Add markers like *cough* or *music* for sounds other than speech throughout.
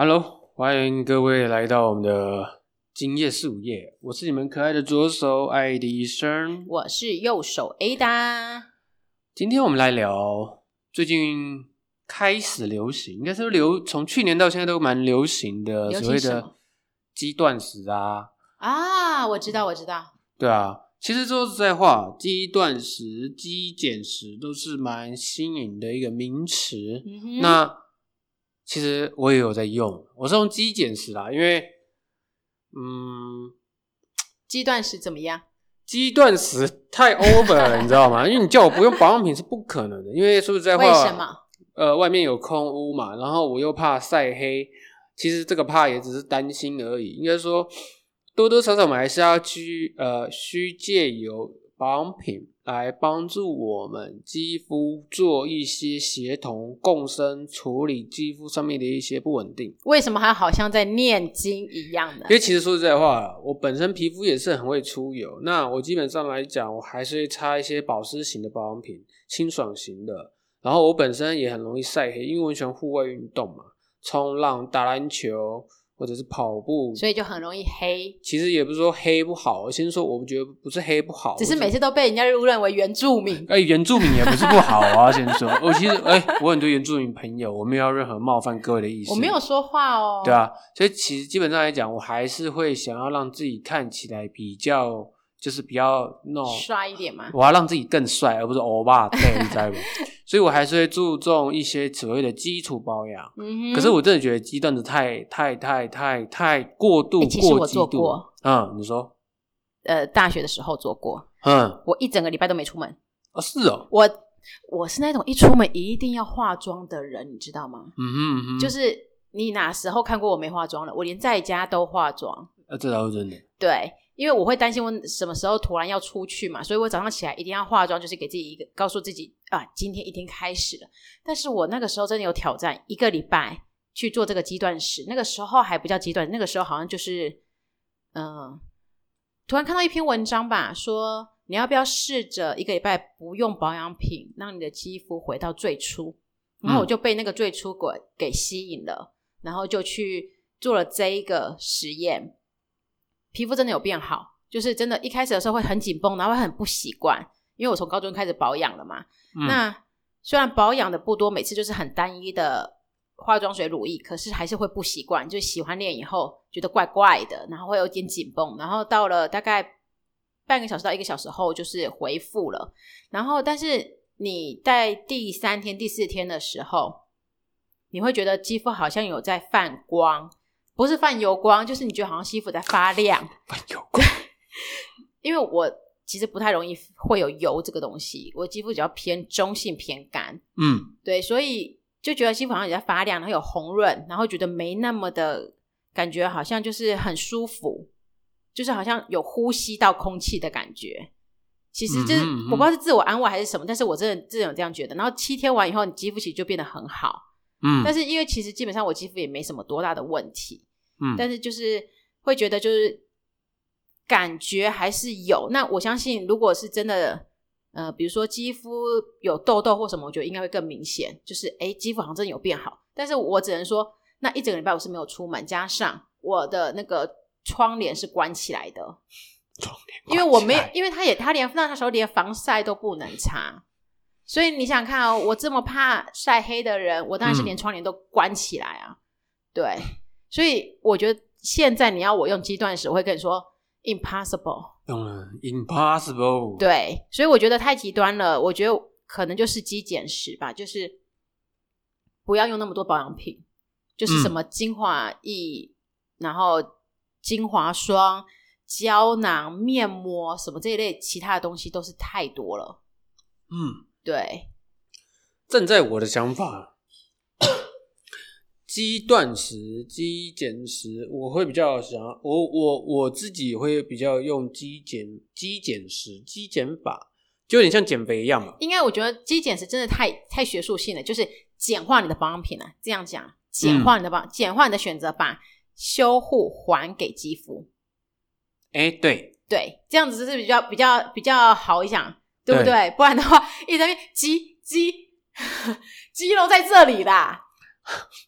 Hello，歡迎各位來到我們的今夜是午夜。我是你們可愛的左手艾迪生，我是右手 Ada。今天我們來聊最近開始流行，應該說流，從去年到現在都蠻流行的所謂的“肌斷食”啊。啊，我知道，我知道。對啊，其實說實在話，“肌斷食”“肌減食”都是蠻新穎的一個名詞。嗯哼。那，其實我也有在用，我是用肌減食啦，因為，嗯，肌斷食怎麼樣？肌斷食太 over 了， *laughs* 你知道嗎？因為你叫我不用保養品是不可能的， *laughs* 因為說實在話，為什麼？呃，外面有空屋污嘛，然後我又怕曬黑，其實這個怕也只是擔心而已，應該說多多少少我們還是要去呃需借由保養品來幫助我們肌膚做一些協同共生，處理肌膚上面的一些不穩定。為什麼還好像在念經一樣呢？因為其實說實在話，我本身皮膚也是很會出油，那我基本上來講，我還是會擦一些保濕型的保養品，清爽型的。然後我本身也很容易曬黑，因為我喜歡戶外運動嘛，衝浪、打籃球。或者是跑步，所以就很容易黑。其實也不是說黑不好，我先說我覺得不是黑不好，只是每次都被人家誤認為原住民。哎、呃，原住民也不是不好啊， *laughs* 先說。我其實哎、欸，我很多原住民朋友，我沒有任何冒犯各位的意思。我沒有說話哦。對啊，所以其實基本上來講，我還是會想要讓自己看起來比較。就是比較那種帥一點嘛，我要讓自己更帥，而不是歐巴，對， *laughs* 你知道不？所以我還是會注重一些所謂的基礎保養、嗯。可是我真的覺得極端的太太太太太過度,過激度、欸，其實我做過啊、嗯，你說？呃，大學的時候做過，嗯，我一整個禮拜都沒出門啊。是哦、喔，我我是那種一出門一定要化妝的人，你知道嗎？嗯嗯，就是你哪時候看過我沒化妝了？我連在家都化妝。啊，這倒是真的。對。因為我會擔心我什麼時候突然要出去嘛，所以我早上起來一定要化妝，就是給自己一個，告訴自己啊，今天一天開始了。但是我那個時候真的有挑戰，一個禮拜去做這個肌斷食，那個時候還不叫肌斷，那個時候好像就是嗯，突然看到一篇文章吧，說你要不要試着一個禮拜不用保養品，讓你的肌膚回到最初，嗯、然後我就被那個最初感給吸引了，然後就去做了這一個實驗。皮膚真的有變好，就是真的，一開始的時候會很緊繃，然後會很不習慣，因為我從高中開始保養了嘛、嗯。那雖然保養的不多，每次就是很單一的化妝水、乳液，可是還是會不習慣，就洗完臉以後覺得怪怪的，然後會有點緊繃，然後到了大概半個小時到一個小時後就是恢復了。然後，但是你在第三天、第四天的時候，你會覺得肌膚好像有在泛光。不是泛油光，就是你覺得好像肌膚在發亮。泛油光，因為我其實不太容易會有油這個東西，我肌膚比較偏中性偏乾。嗯，對，所以就覺得肌膚好像也在發亮，然後有紅潤，然後覺得沒那麼的感覺，好像就是很舒服，就是好像有呼吸到空氣的感覺。其實就是我不知道是自我安慰還是什麼，但是我真的真的有這樣覺得。然後七天完以後，你肌膚其實就變得很好。嗯，但是因為其實基本上我肌膚也沒什麼多大的問題。嗯，但是就是會覺得就是感覺還是有。嗯、那我相信，如果是真的，呃，比如說肌膚有痘痘或什麼，我覺得應該會更明顯。就是哎，肌膚好像真的有變好。但是我只能說，那一整個禮拜我是沒有出門，加上我的那個窗簾是關起來的，窗簾因為我沒有，因為他也他連那時候連防曬都不能擦，所以你想看，哦，我這麼怕曬黑的人，我當然是連窗簾都關起來啊，嗯、對。所以我覺得現在你要我用肌斷食，我會跟你說 impossible，嗯，impossible。對，所以我覺得太極端了。我覺得可能就是肌減食吧，就是不要用那麼多保養品，就是什麼精華液，嗯、然後精華霜、膠囊、面膜什麼這一類，其他的東西都是太多了。嗯，對。正在我的想法。肌斷食、肌減食，我會比較想我我我自己會比較用肌減肌減食、肌減法，就有點像減肥一樣嘛。因為我覺得肌減食真的太太學術性了，就是簡化你的保養品了。這樣講，簡化你的保，養、嗯、簡化你的選擇，把修護還給肌膚。哎、欸，對對，這樣子是比較比較比較好一點，對不對，對？不然的話，一直邊肌肌肌肉在這裡啦。 *laughs*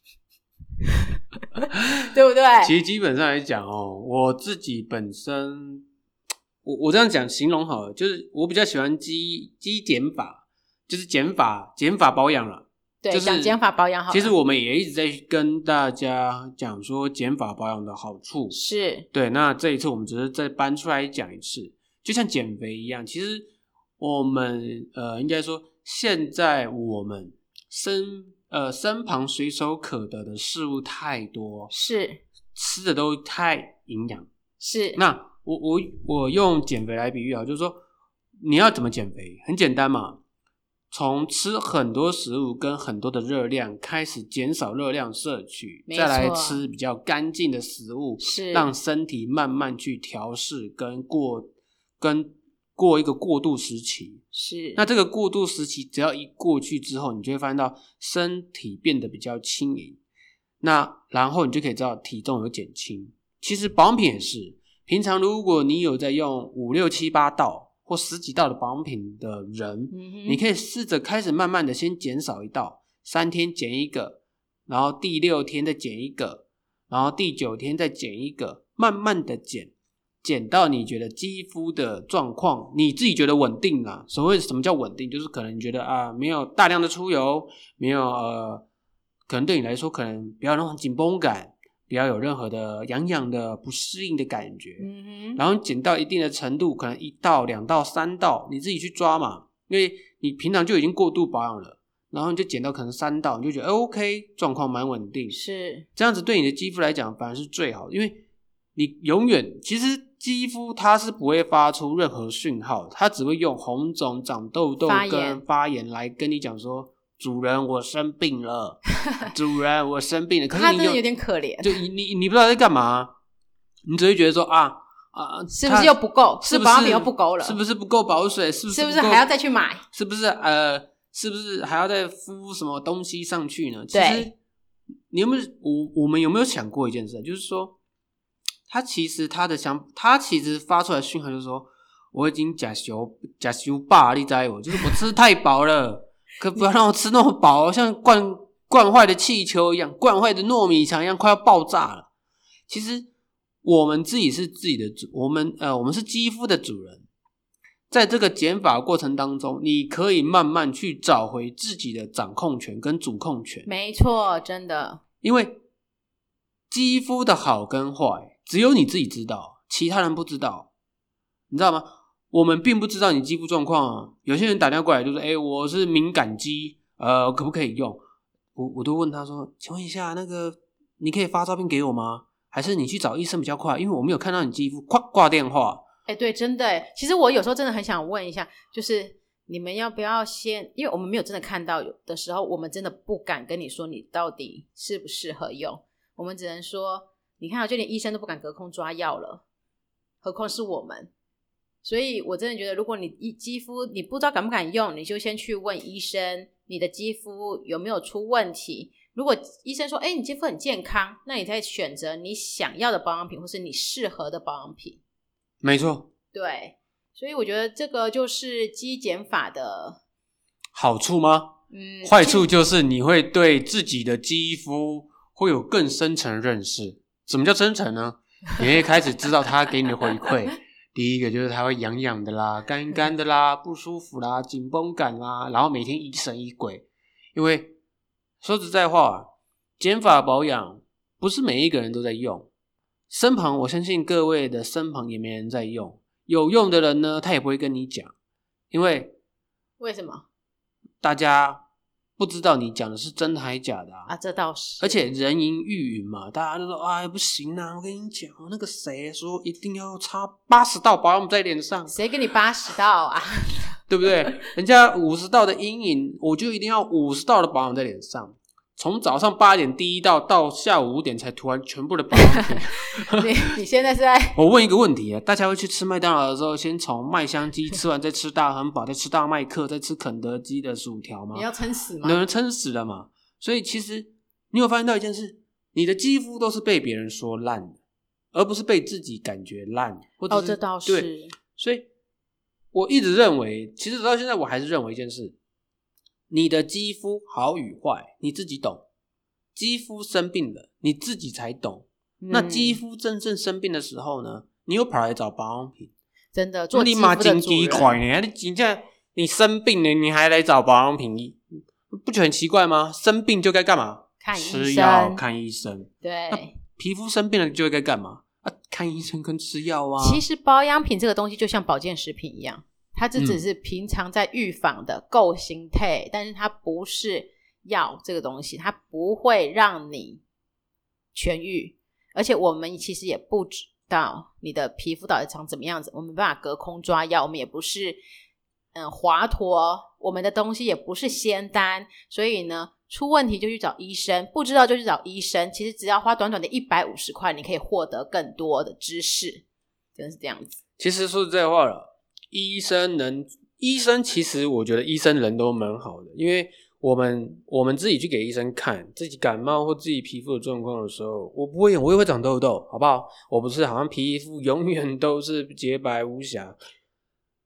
*laughs* *laughs* 對不對？其實基本上來講哦，我自己本身，我我這樣講形容好了，就是我比較喜歡肌肌減法，就是減法減法保養了。對，就是減法保養好。其實我們也一直在跟大家講說減法保養的好處。是。對，那這一次我們只是再搬出來講一次，就像減肥一樣。其實我們呃，應該說現在我們身。呃，身旁隨手可得的事物太多，是吃的都太營養，是那我我我用減肥來比喻啊，就是說你要怎麼減肥？很簡單嘛，從吃很多食物跟很多的熱量開始，減少熱量攝取，再來吃比較乾淨的食物，是讓身體慢慢去調試跟過跟。過一個過渡時期，是。那這個過渡時期，只要一過去之後，你就會發現到身體變得比較輕盈，那然後你就可以知道體重有減輕。其實保養品也是，平常如果你有在用五六七八道或十幾道的保養品的人，嗯，你可以試着開始慢慢的先減少一道，三天減一個，然後第六天再減一個，然後第九天再減一個，慢慢的減。減到你覺得肌膚的狀況，你自己覺得穩定啊？所謂什麼叫穩定，就是可能你覺得啊，沒有大量的出油，沒有呃，可能對你來說可能比較那種緊繃感，不要有任何的癢癢的不適應的感覺。嗯哼。然後減到一定的程度，可能一到兩到三到，你自己去抓嘛，因為你平常就已經過度保養了，然後你就減到可能三到，你就覺得哎、欸、，OK，狀況蠻穩定，是這樣子對你的肌膚來講反而是最好的，因為你永遠其實。肌膚它是不會發出任何訊號，它只會用紅腫、長痘痘、痘跟發炎來跟你講說：“主人，我生病了。 *laughs* ”“主人，我生病了。”可是你他真的有點可憐，就你你不知道在幹嘛，你只會覺得說：“啊啊，是不是又不夠？是不是，是保養品又不夠了？是不是不夠保水？是不是？是不是還要再去買？是不是？呃，是不是還要再敷什麼東西上去呢？”其實，你有沒有？我我們有沒有想過一件事？就是說。他其實他的想，他其實發出來訊號就是說，我已經假修假修霸力在我，就是我吃太飽了， *laughs* 可不要讓我吃那麼飽，像灌灌壞的氣球一樣，灌壞的糯米腸一樣，快要爆炸了。其實我們自己是自己的主，我們呃，我們是肌膚的主人，在這個減法過程當中，你可以慢慢去找回自己的掌控權跟主控權。沒錯，真的。因為肌膚的好跟壞。只有你自己知道，其他人不知道，你知道嗎？我們並不知道你肌膚狀況。有些人打電話過來就說：“誒、欸，我是敏感肌，呃，可不可以用？”我我都問他說：“請問一下，那個你可以發照片給我嗎？還是你去找醫生比較快？因為我沒有看到你肌膚。”掛掛電話。哎、欸，對，真的。其實我有時候真的很想問一下，就是你們要不要先？因為我們沒有真的看到有的時候，我們真的不敢跟你說你到底適不適合用，我們只能說。你看啊，就連醫生都不敢隔空抓藥了，何況是我們。所以，我真的覺得，如果你一肌膚你不知道敢不敢用，你就先去問醫生，你的肌膚有沒有出問題。如果醫生說：“哎，你肌膚很健康”，那你再選擇你想要的保養品，或是你適合的保養品。沒錯。對。所以，我覺得這個就是肌減法的好處嗎？嗯。壞處就是你會對自己的肌膚會有更深層認識。什麼叫真誠呢？你也開始知道他給你的回饋。 *laughs* 第一個就是他會癢癢的啦，干干的啦，不舒服啦，緊繃感啦，然後每天疑神疑鬼。因為說實在話啊，減法保養不是每一個人都在用。身旁，我相信各位的身旁也沒人在用。有用的人呢，他也不會跟你講，因為為什麼？大家，不知道你講的是真的還假的啊？啊，這倒是。而且人云亦云嘛，大家都說，哎，不行啊！我跟你講，那個誰說一定要擦八十道保養在臉上？誰給你八十道啊？ *laughs* 對不對？人家五十道的陰影，我就一定要五十道的保養在臉上。從早上八點第一道到，到下午五點才塗完全部的保養品。你你現在是在我問一個問題啊，大家會去吃麥當勞的時候，先從麥香雞吃完，再吃大亨堡， *laughs* 再吃大麥克，再吃肯德基的薯條嗎？你要撐死嗎？有人撐死了嘛？所以其實你有發現到一件事，你的肌膚都是被別人說爛的，而不是被自己感覺爛。或者是哦，這倒是。對，所以我一直認為，其實直到現在，我還是認為一件事。你的肌膚好與壞，你自己懂。肌膚生病了，你自己才懂。嗯，那肌膚真正生病的時候呢？你又跑來找保養品，真的？做的。那立馬緊急款耶！你急着，你生病了，你還來找保養品，不覺得很奇怪嗎？生病就該幹嘛？看醫生，吃藥，看醫生。對。皮膚生病了，就該幹嘛？啊，看醫生跟吃藥啊。其實保養品這個東西，就像保健食品一樣。它這只是平常在預防的、嗯、構心態，但是它不是藥這個東西，它不會讓你痊癒。而且我們其實也不知道你的皮膚到底長怎麼樣子，我們沒辦法隔空抓藥。我們也不是嗯華佗，我們的東西也不是仙丹，所以呢，出問題就去找醫生，不知道就去找醫生。其實只要花短短的一百五十塊，你可以獲得更多的知識，真、就、的是這樣子。其實說這話了。醫生能，醫生，其實我覺得醫生人都蠻好的，因為我們我們自己去給醫生看自己感冒或自己皮膚的狀況的時候，我不會，我也會長痘痘，好不好？我不是好像皮膚永遠都是潔白無瑕。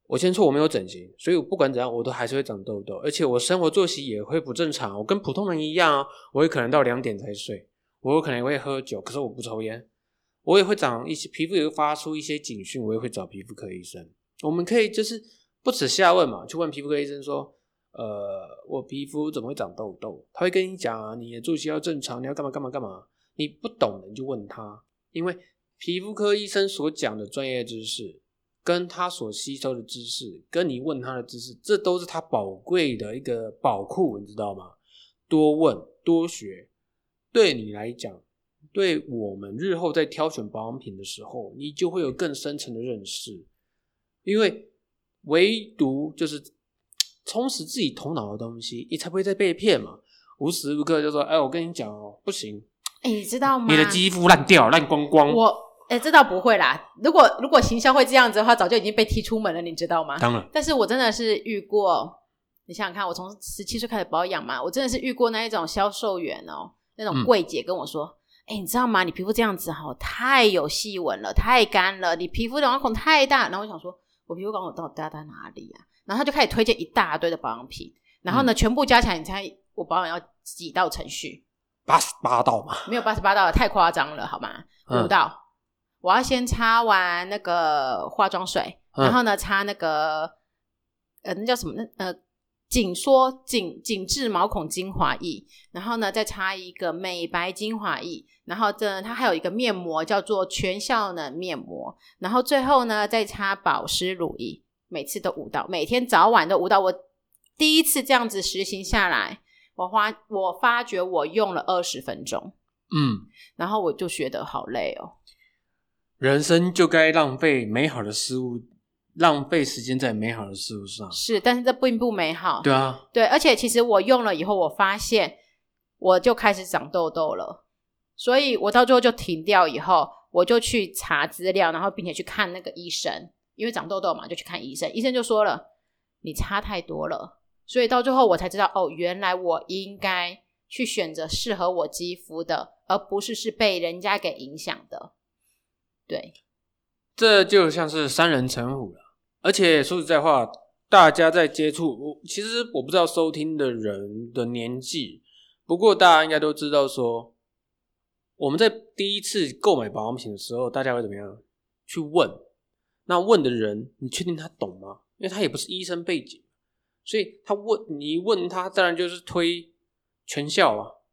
我先說我沒有整形，所以我不管怎樣，我都還是會長痘痘，而且我生活作息也會不正常。我跟普通人一樣啊，我也可能到兩點才睡，我有可能會喝酒，可是我不抽煙，我也會長一些，皮膚也會發出一些警訊，我也會找皮膚科醫生。我們可以就是不恥下問嘛，去問皮膚科醫生說：“呃，我皮膚怎麼會長痘痘？”他會跟你講啊，你的作息要正常，你要幹嘛幹嘛幹嘛。你不懂的你就問他，因為皮膚科醫生所講的專業知識，跟他所吸收的知識，跟你問他的知識，這都是他寶貴的一個寶庫，你知道嗎？多問多學，對你來講，對我們日後在挑選保養品的時候，你就會有更深層的認識。因為唯獨就是充實自己頭腦的東西，你才不會再被騙嘛。無時無刻就說：“哎，我跟你講哦，不行。”哎，你知道嗎？你的肌膚爛掉，爛光光。我哎，這倒不會啦。如果如果行銷會這樣子的話，早就已經被踢出門了，你知道嗎？當然。但是我真的是遇過。你想想看，我從十七歲開始保養嘛，我真的是遇過那一種銷售員哦，那種櫃姐跟我說：“嗯，哎，你知道嗎？你皮膚這樣子哦，太有細紋了，太乾了，你皮膚的毛孔太大。”然後我想說。我皮膚狀我到底在哪裡啊？然後他就開始推薦一大堆的保養品，然後呢、嗯，全部加起來你猜我保養要幾道程序？八十八道嘛，沒有八十八道太誇張了，好嗎？五、嗯、道，我要先擦完那個化妝水，然後呢，擦那個、嗯、呃，那叫什麼？那呃。緊縮緊緊緻毛孔精華液，然後呢，再擦一個美白精華液，然後這它還有一個面膜叫做全效能面膜，然後最後呢，再擦保濕乳液。每次都捂到，每天早晚都捂到。我第一次這樣子實行下來，我發我發覺我用了二十分鐘，嗯，然後我就覺得好累哦。人生就該浪費美好的事物。浪費時間在美好的事物上，是，但是這並不美好。對啊，對，而且其實我用了以後，我發現我就開始長痘痘了，所以我到最後就停掉以後，我就去查資料，然後並且去看那個醫生，因為長痘痘嘛，就去看醫生。醫生就說了，你差太多了，所以到最後我才知道，哦，原來我應該去選擇適合我肌膚的，而不是是被人家給影響的。對，這就像是三人成虎了。而且說實在話，大家在接觸我，其實我不知道收聽的人的年紀，不過大家應該都知道說，說我們在第一次購買保養品的時候，大家會怎麼樣去問？那問的人，你確定他懂嗎？因為他也不是醫生背景，所以他問你一問他，當然就是推全效啊。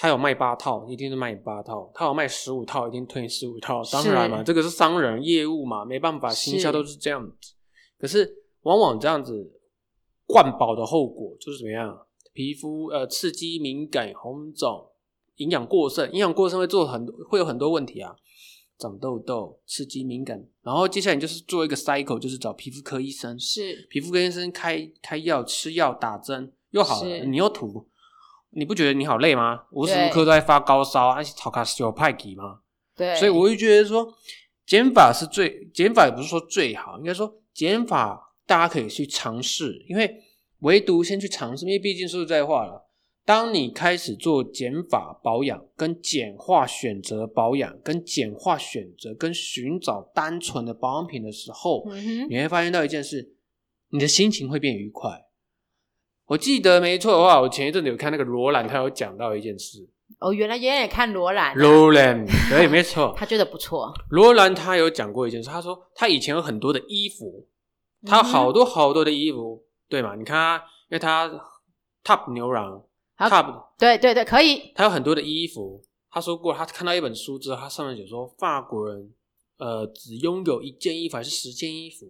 他有賣八套，一定是賣八套；他有賣十五套，一定推十五套。當然嘛，這個是商人業務嘛，沒辦法，行銷都是這樣子。可是往往這樣子灌飽的後果就是怎麼樣？皮膚呃刺激敏感紅腫營，營養過剩，營養過剩會做很多，會有很多問題啊，長痘痘、刺激敏感。然後接下來就是做一個 cycle，就是找皮膚科醫生，是皮膚科醫生開開藥、吃藥、打針又好了，你又塗。你不覺得你好累嗎？無時無刻都在發高燒啊，炒咖是有派給嗎？對，所以我就覺得說，減法是最減法也不是說最好，應該說，減法大家可以去嘗試，因為唯獨先去嘗試，因為畢竟說實在話了。當你開始做減法保養，跟簡化選擇保養，跟簡化選擇跟尋找單純的保養品的時候，嗯，你會發現到一件事，你的心情會變愉快。我記得沒錯的話，我前一陣子有看那個羅蘭，他有講到一件事。哦，原來爺爺也看羅蘭啊。羅蘭對，沒錯。 *laughs* 他覺得不錯。羅蘭他有講過一件事，他說他以前有很多的衣服，他有好多好多的衣服，嗯、對嘛？你看啊，因為他 Top 牛郎 Top，對對對，可以。他有很多的衣服。他說過，他看到一本書之後，他上面寫說，法國人呃只擁有一件衣服還是十件衣服？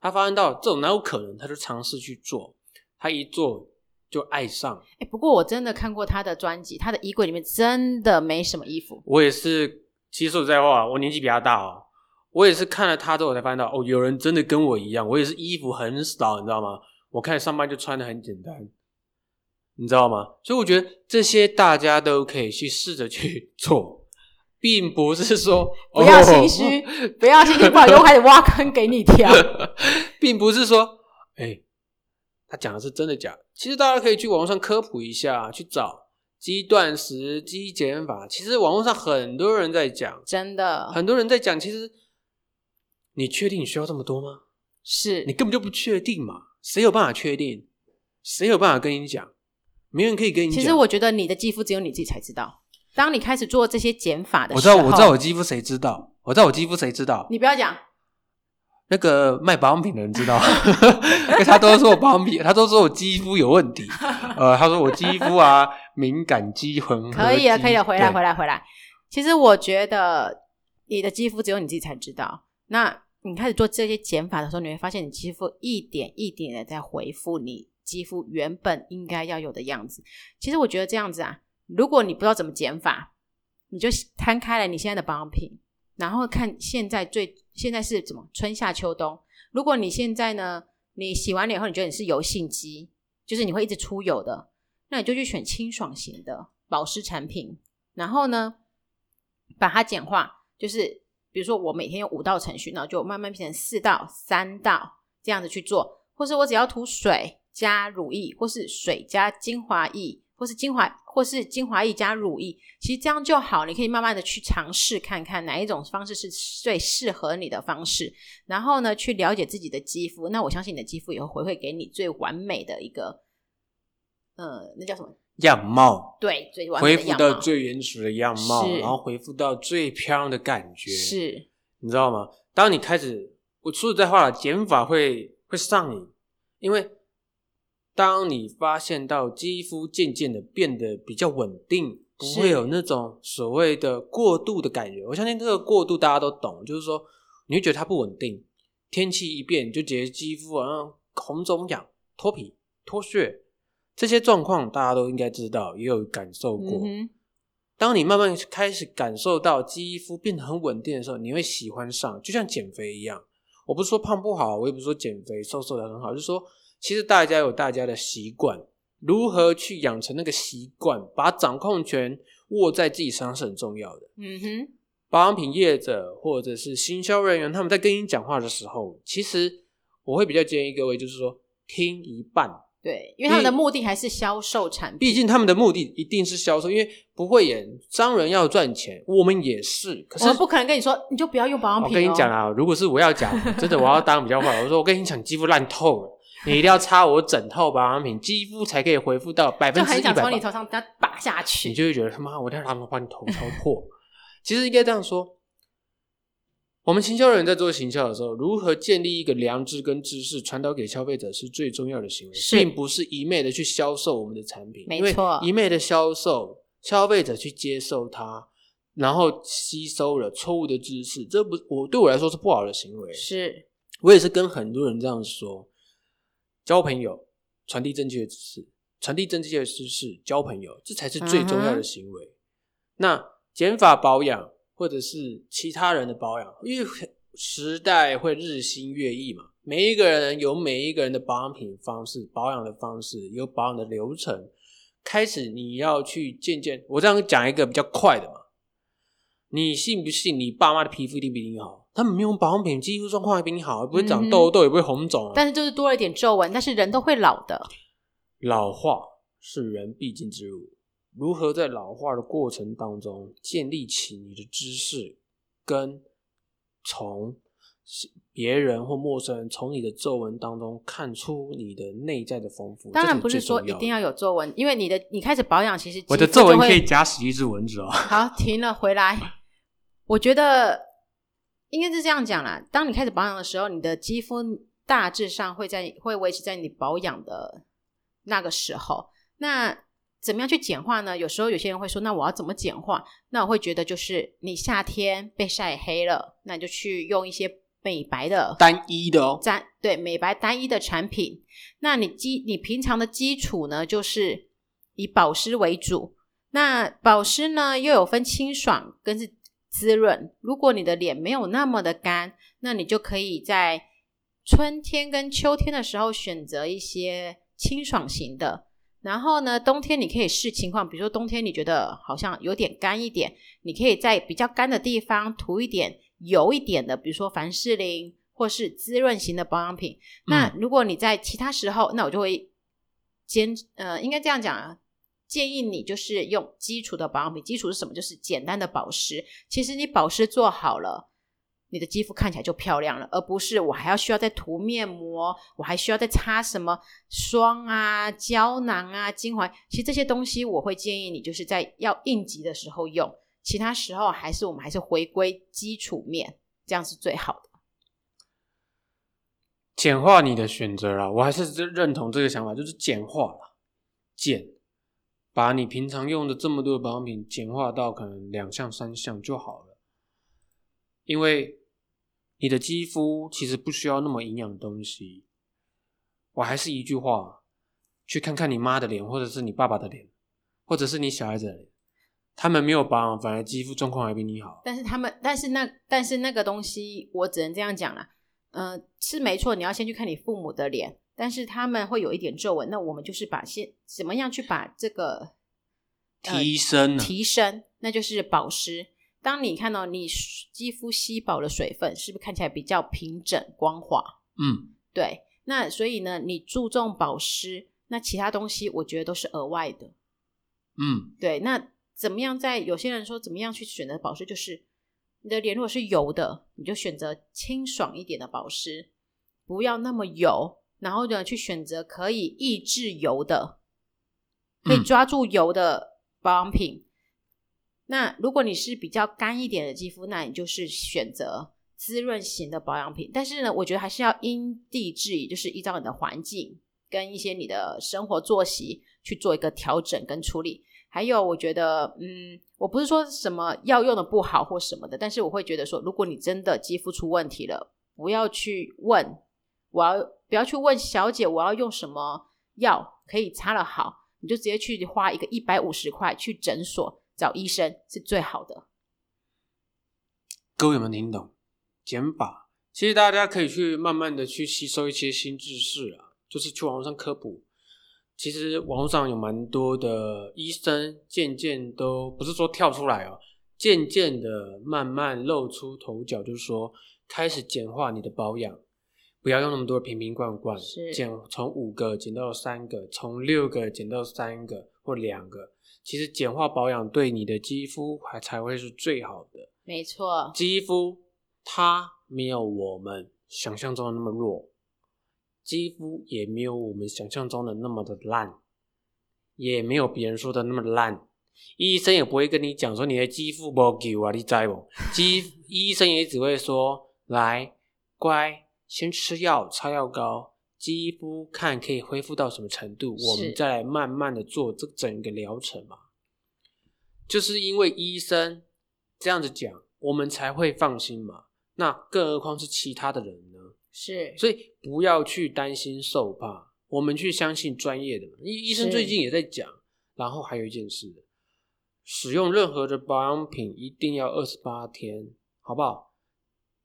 他發現到這種，哪有可能？他就嘗試去做。他一做就愛上。哎、欸，不過我真的看過他的專輯，他的衣櫃裡面真的沒什麼衣服。我也是，其實說實在話，我年紀比較大哦。我也是看了他之後我才發現到，哦，有人真的跟我一樣，我也是衣服很少，你知道嗎？我看上班就穿得很簡單，你知道嗎？所以我覺得這些大家都可以去試着去做，並不是說 *laughs* 不要心虛、哦哦，不要心情不好，友、哦、 *laughs* 開始挖坑給你跳， *laughs* 並不是說，哎、欸。他講的是真的假的？其實大家可以去網絡上科普一下，去找肌斷食、肌減法。其實網絡上很多人在講真的，很多人在講。其實你確定你需要這麼多嗎？是你根本就不確定嘛？誰有辦法確定？誰有辦法跟你講？沒有人可以跟你講。其實我覺得你的肌膚只有你自己才知道。當你開始做這些減法的時候，我知道，我知道我肌膚誰知道？我知道我肌膚誰知道？你不要講。那個賣保養品的人知道， *laughs* *laughs* 因為他都說我保養品， *laughs* 他都說我肌膚有問題。呃，他說我肌膚啊敏感肌、混合肌。可以啊，可以啊，回來，回來，回來。其實我覺得你的肌膚只有你自己才知道。那你開始做這些減法的時候，你會發現你肌膚一點一點的在回復你肌膚原本應該要有的樣子。其實我覺得這樣子啊，如果你不知道怎麼減法，你就攤開了你現在的保養品，然後看現在最。現在是怎麼春夏秋冬？如果你現在呢，你洗完臉以後你覺得你是油性肌，就是你會一直出油的，那你就去選清爽型的保濕產品，然後呢，把它簡化，就是比如說我每天用五道程序，然後就慢慢變成四道、三道這樣子去做，或是我只要塗水加乳液，或是水加精華液。或是精華，或是精華液加乳液，其實這樣就好。你可以慢慢的去嘗試看看哪一種方式是最適合你的方式，然後呢，去了解自己的肌膚。那我相信你的肌膚也會回饋給你最完美的一個，呃，那叫什麼？樣貌。對，最完美的恢復到最原始的樣貌，然後恢復到最漂亮的感覺。是，你知道嗎？當你開始我說實在話了，減法會會上癮，因為，當你發現到肌膚漸漸的變得比較穩定，不會有那種所謂的過度的感覺。我相信這個過度大家都懂，就是說你會覺得它不穩定，天氣一變你就覺得肌膚好像紅腫、癢、脫皮、脫屑這些狀況，大家都應該知道，也有感受過。嗯。當你慢慢開始感受到肌膚變得很穩定的時候，你會喜歡上，就像減肥一樣。我不是說胖不好，我也不是說減肥瘦瘦的很好，就是說。其實大家有大家的習慣，如何去養成那個習慣，把掌控權握在自己身上是很重要的。嗯哼，保養品業者或者是行銷人員，他們在跟你講話的時候，其實我會比較建議各位，就是說聽一半。對，因為他們的目的還是銷售產品。畢竟他們的目的一定是銷售，因為不會演，商人要賺錢，我們也是。可是我們不可能跟你說，你就不要用保養品哦。我跟你講啊，如果是我要講，真的我要當比較壞， *laughs* 我說我跟你講你肌膚爛透了。你一定要擦我整套保養品，肌膚才可以恢復到百分之一百。就很想從你頭上把它打下去，你就會覺得他媽，我叫他們把你頭敲破。 *laughs* 其實應該這樣說，我們行銷人在做行銷的時候，如何建立一個良知跟知識，傳導給消費者是最重要的行為是，並不是一昧的去銷售我們的產品。沒錯，一昧的銷售，消費者去接受它，然後吸收了錯誤的知識，這不，我對我來說是不好的行為。是，我也是跟很多人這樣說。交朋友，傳遞正確知識，傳遞正確知識，交朋友，這才是最重要的行為。嗯、那減法保養，或者是其他人的保養，因為時代會日新月異嘛，每一個人有每一個人的保養品方式，保養的方式，有保養的流程。開始你要去漸漸，我這樣講一個比較快的嘛。你信不信你爸媽的皮膚一定比你好？他們沒有用保養品，肌膚狀況還比你好，不會長痘痘，嗯、也不會紅腫、啊。但是就是多了一點皺紋。但是人都會老的。老化是人必經之路。如何在老化的過程當中建立起你的知識，跟從別人或陌生人從你的皺紋當中看出你的內在的豐富？當然不是說一定要有皺紋，因為你的你開始保養，其實我的皺紋可以夾死一隻蚊子哦。好，停了，回來， *laughs* 我覺得。應該是這樣講啦。當你開始保養的時候，你的肌膚大致上會在會維持在你保養的那個時候。那怎麼樣去簡化呢？有時候有些人會說：“那我要怎麼簡化？”那我會覺得，就是你夏天被曬黑了，那你就去用一些美白的單一的哦，對，美白單一的產品。那你基你平常的基礎呢，就是以保濕為主。那保濕呢，又有分清爽跟是，滋潤。如果你的臉沒有那麼的乾，那你就可以在春天跟秋天的時候選擇一些清爽型的。然後呢，冬天你可以視情況，比如說冬天你覺得好像有點乾一點，你可以在比較乾的地方塗一點油一點的，比如說凡士林或是滋潤型的保養品。嗯、那如果你在其他時候，那我就會堅，呃，應該這樣講啊。建議你就是用基礎的保養品，基礎是什麼？就是簡單的保濕。其實你保濕做好了，你的肌膚看起來就漂亮了，而不是我還要需要再塗面膜，我還需要再擦什麼霜啊、膠囊啊、精華。其實這些東西我會建議你就是在要應急的時候用，其他時候還是我們還是回歸基礎面，這樣是最好的。簡化你的選擇啦、啊，我還是認同這個想法，就是簡化了，簡。把你平常用的這麼多的保養品簡化到可能兩項三項就好了，因為你的肌膚其實不需要那麼營養的東西。我還是一句話，去看看你媽的臉，或者是你爸爸的臉，或者是你小孩子的臉，他們沒有保養，反而肌膚狀況還比你好。但是他們，但是那，但是那個東西，我只能這樣講啦。嗯、呃，是沒錯，你要先去看你父母的臉。但是他們會有一點皺紋，那我們就是把先怎麼樣去把這個，呃，提升提升，那就是保濕。當你看到你肌膚吸飽了水分，是不是看起來比較平整光滑？嗯，對。那所以呢，你注重保濕，那其他東西我覺得都是額外的。嗯，對。那怎麼樣在有些人說怎麼樣去選擇保濕？就是你的臉如果是油的，你就選擇清爽一點的保濕，不要那麼油。然後呢，去選擇可以抑制油的，可以抓住油的保養品。嗯。那如果你是比較乾一點的肌膚，那你就是選擇滋潤型的保養品。但是呢，我覺得還是要因地制宜，就是依照你的環境跟一些你的生活作息去做一個調整跟處理。還有，我覺得，嗯，我不是說什麼藥用的不好或什麼的，但是我會覺得說，如果你真的肌膚出問題了，不要去問我要，不要去問小姐，我要用什麼藥可以擦得好，你就直接去花一個一百五十塊去診所找醫生是最好的。各位有沒有聽懂？減法其實大家可以去慢慢的去吸收一些新知識啊，就是去網絡上科普。其實網絡上有蠻多的醫生，漸漸都不是說跳出來哦、啊，漸漸的慢慢露出頭角，就是說開始簡化你的保養。不要用那麼多瓶瓶罐罐，減從五個減到三個，從六個減到三個或兩個。其實簡化保養對你的肌膚還才會是最好的。沒錯，肌膚它沒有我們想象中的那麼弱，肌膚也沒有我們想象中的那麼的爛，也沒有別人說的那麼爛。醫生也不會跟你講說你的肌膚沒救啊，你知道嗎？肌 *laughs* 醫生也只會說來乖。先吃藥、擦藥膏，肌膚看可以恢復到什麼程度，我們再來慢慢的做這整個療程嘛。就是因為醫生這樣子講，我們才會放心嘛。那更何況是其他的人呢？是，所以不要去擔心受怕，我們去相信專業的嘛。醫醫生最近也在講，然後還有一件事，使用任何的保養品一定要二十八天，好不好？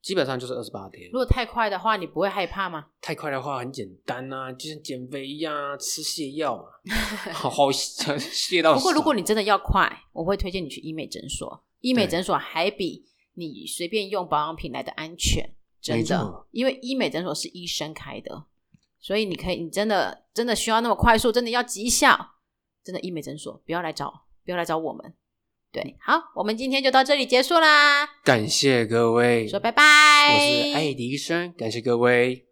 基本上就是二十八天。如果太快的話，你不會害怕嗎？太快的話很簡單吶、啊，就像、是、減肥一、啊、樣，吃瀉藥，啊。 *laughs* 好好瀉到。不過如果你真的要快，我會推薦你去醫美診所。醫美診所還比你隨便用保養品來的安全，真的。因為醫美診所是醫生開的，所以你可以，你真的真的需要那麼快速，真的要急效，真的醫美診所不要來找，不要來找我們。對，好，我們今天就到這裡結束啦。感謝各位，說拜拜。我是愛迪生，感謝各位。